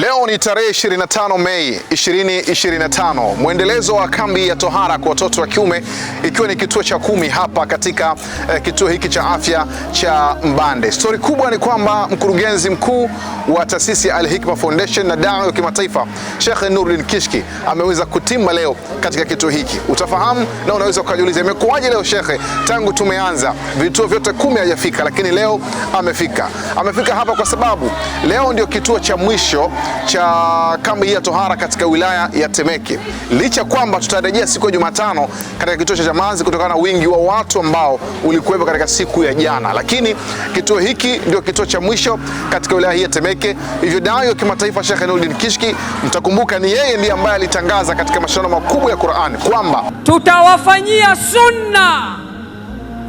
Leo ni tarehe 25 Mei 2025, mwendelezo wa kambi ya tohara kwa watoto wa kiume ikiwa ni kituo cha kumi hapa katika eh, kituo hiki cha afya cha Mbande. Stori kubwa ni kwamba mkurugenzi mkuu wa taasisi ya Al Hikma Foundation na dawa ya kimataifa Sheikh nurdin Kishki ameweza kutimba leo katika kituo hiki. Utafahamu na unaweza ukajiuliza imekuwaje leo Sheikh, tangu tumeanza vituo vyote kumi hajafika, lakini leo amefika. Amefika hapa kwa sababu leo ndio kituo cha mwisho cha kambi hii ya tohara katika wilaya ya Temeke, licha kwamba tutarejea siku ya Jumatano katika kituo cha Chamazi kutokana na wingi wa watu ambao ulikuwepo katika siku ya jana, lakini kituo hiki ndio kituo cha mwisho katika wilaya hii ya Temeke. Hivyo dayo kimataifa Sheikh Nuruddin Kishki, mtakumbuka ni yeye ndiye ambaye alitangaza katika mashindano makubwa ya Qur'ani kwamba tutawafanyia sunna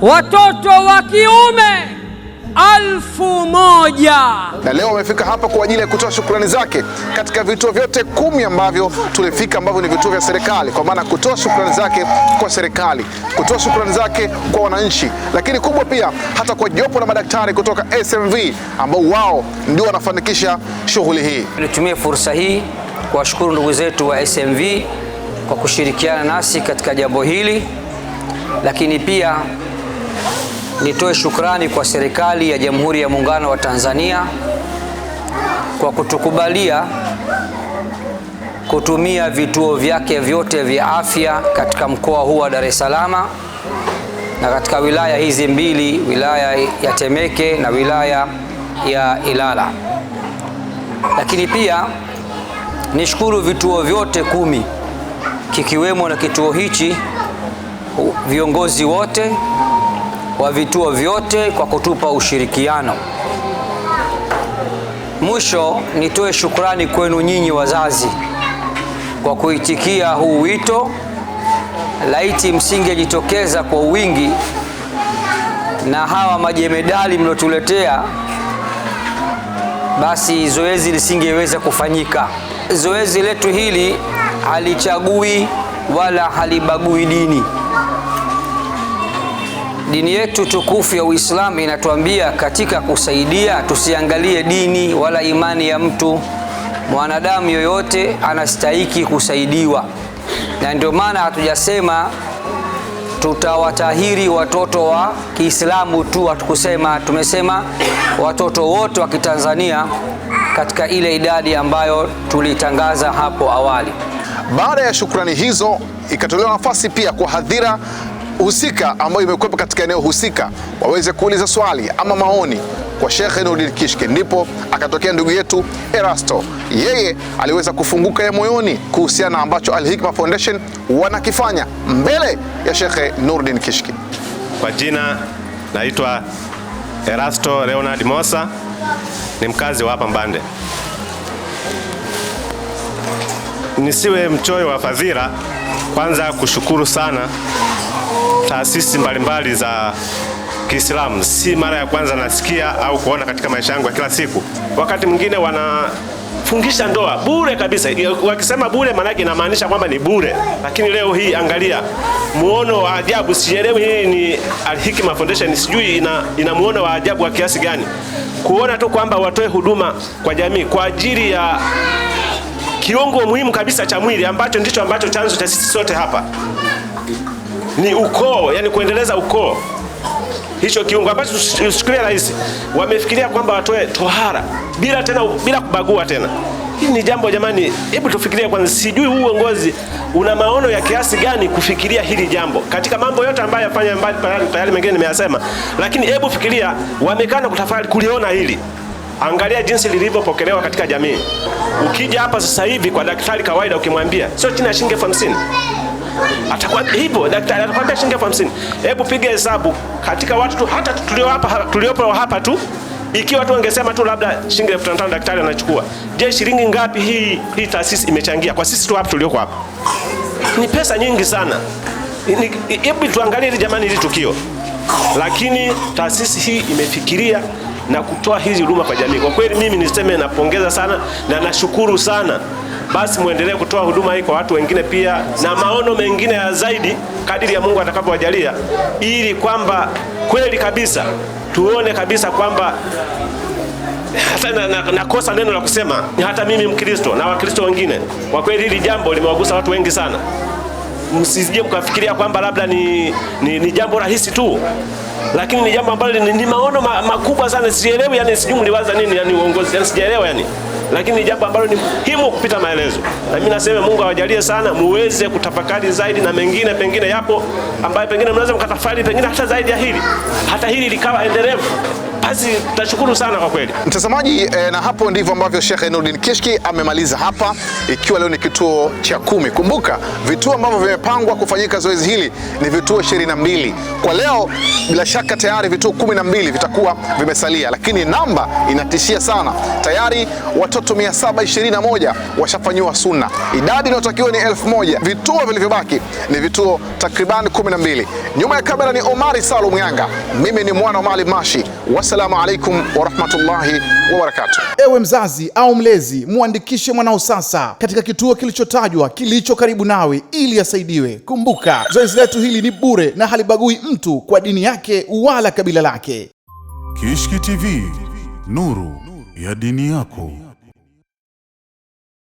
watoto wa kiume alfu moja. Na leo wamefika hapa kwa ajili ya kutoa shukrani zake katika vituo vyote kumi ambavyo tulifika ambavyo ni vituo vya serikali, kwa maana kutoa shukrani zake kwa serikali, kutoa shukrani zake kwa wananchi, lakini kubwa pia hata kwa jopo la madaktari kutoka SMV ambao wao ndio wanafanikisha shughuli hii. Nitumie fursa hii kuwashukuru ndugu zetu wa SMV kwa kushirikiana nasi katika jambo hili, lakini pia Nitoe shukrani kwa serikali ya Jamhuri ya Muungano wa Tanzania kwa kutukubalia kutumia vituo vyake vyote vya afya katika mkoa huu wa Dar es Salaam na katika wilaya hizi mbili, wilaya ya Temeke na wilaya ya Ilala. Lakini pia nishukuru vituo vyote kumi kikiwemo na kituo hichi, viongozi wote wa vituo vyote kwa kutupa ushirikiano. Mwisho, nitoe shukrani kwenu nyinyi wazazi kwa kuitikia huu wito. Laiti msingejitokeza kwa wingi na hawa majemedali mliotuletea, basi zoezi lisingeweza kufanyika. Zoezi letu hili halichagui wala halibagui dini. Dini yetu tukufu ya Uislamu inatuambia katika kusaidia, tusiangalie dini wala imani ya mtu. Mwanadamu yoyote anastahiki kusaidiwa, na ndio maana hatujasema tutawatahiri watoto wa Kiislamu tu, hatukusema. Tumesema watoto wote wa Kitanzania katika ile idadi ambayo tulitangaza hapo awali. Baada ya shukrani hizo, ikatolewa nafasi pia kwa hadhira husika ambayo imekwepa katika eneo husika waweze kuuliza swali ama maoni kwa Shekhe Nurdin Kishki. Ndipo akatokea ndugu yetu Erasto, yeye aliweza kufunguka ya moyoni kuhusiana na ambacho Alhikma Foundation wanakifanya mbele ya Shekhe Nurdin Kishki. Kwa jina naitwa Erasto Leonard Mosa, ni mkazi wa hapa Mbande. Nisiwe mchoyo wa fadhila, kwanza kushukuru sana taasisi mbalimbali za Kiislamu. Si mara ya kwanza nasikia au kuona katika maisha yangu ya kila siku. Wakati mwingine wanafungisha ndoa bure kabisa. Wakisema bure, maanake inamaanisha kwamba ni bure, lakini leo hii angalia muono wa ajabu. Sielewi hii ni al Foundation, sijui ina, ina muono wa ajabu wa kiasi gani kuona tu kwamba watoe huduma kwa jamii kwa ajili ya kiungo muhimu kabisa cha mwili ambacho ndicho ambacho chanzo cha sisi sote hapa ni ukoo, yani kuendeleza ukoo. Hicho kiungo ambacho usikiria rahisi, wamefikiria kwamba watoe tohara bila tena, bila kubagua tena. Hii ni jambo jamani, hebu tufikirie kwanza. Sijui huu uongozi una maono ya kiasi gani kufikiria hili jambo katika mambo yote ambayo yafanya mbali, tayari mengine nimeyasema, lakini hebu fikiria, wamekaa na kutafakari kuliona hili. Angalia jinsi lilivyopokelewa katika jamii. Ukija hapa sasa hivi kwa daktari kawaida, ukimwambia sio chini ya shilingi elfu hamsini atakuwa hivyo, daktari atakwambia shilingi elfu hamsini. Hebu piga hesabu katika watu tu hata tuliopo hapa tu, ikiwa tu wangesema tu labda shilingi elfu tano daktari anachukua, je, shilingi ngapi hii hii taasisi imechangia kwa sisi tu hapa tulioko hapa? Ni pesa nyingi sana. Hebu tuangalie hili jamani, hili tukio, lakini taasisi hii imefikiria na kutoa hizi huduma kwa jamii. Kwa kweli mimi niseme napongeza sana na nashukuru sana. Basi muendelee kutoa huduma hii kwa watu wengine pia, na maono mengine ya zaidi kadiri ya Mungu atakapowajalia, ili kwamba kweli kabisa tuone kabisa kwamba hata na, na, na neno la kusema hata mimi Mkristo na Wakristo wengine, kwa kweli hili jambo limewagusa watu wengi sana msisije mkafikiria kwamba labda ni, ni, ni jambo rahisi tu, lakini ni jambo ambalo ni, ni maono ma, makubwa sana. Sielewi yani, sijui mliwaza nini yani uongozi yani, sijaelewa yani, lakini ni jambo ambalo ni muhimu kupita maelezo, na mimi nasema Mungu awajalie sana muweze kutafakari zaidi, na mengine pengine yapo ambayo pengine mnaweza mkatafakari pengine hata zaidi ya hili, hata hili likawa endelevu basi tashukuru sana kwa kweli mtazamaji. Eh, na hapo ndivyo ambavyo Sheikh Nurdin Kishki amemaliza hapa, ikiwa leo ni kituo cha kumi. Kumbuka vituo ambavyo vimepangwa kufanyika zoezi hili ni vituo 22 kwa leo. Bila shaka tayari vituo kumi na mbili vitakuwa vimesalia, lakini namba inatishia sana. Tayari watoto 721 washafanyiwa sunna, idadi inayotakiwa ni elfu moja. Vituo vilivyobaki ni vituo takriban 12. Nyuma ya kamera ni Omari Salum Yanga, mimi ni mwana wa Mali Mashi. Wasalamu Wassalamu alaikum warahmatullahi wabarakatuh. Ewe mzazi au mlezi, muandikishe mwanao sasa katika kituo kilichotajwa kilicho karibu nawe ili asaidiwe. Kumbuka zoezi letu hili ni bure na halibagui mtu kwa dini yake wala kabila lake. Kishki TV, nuru ya dini yako.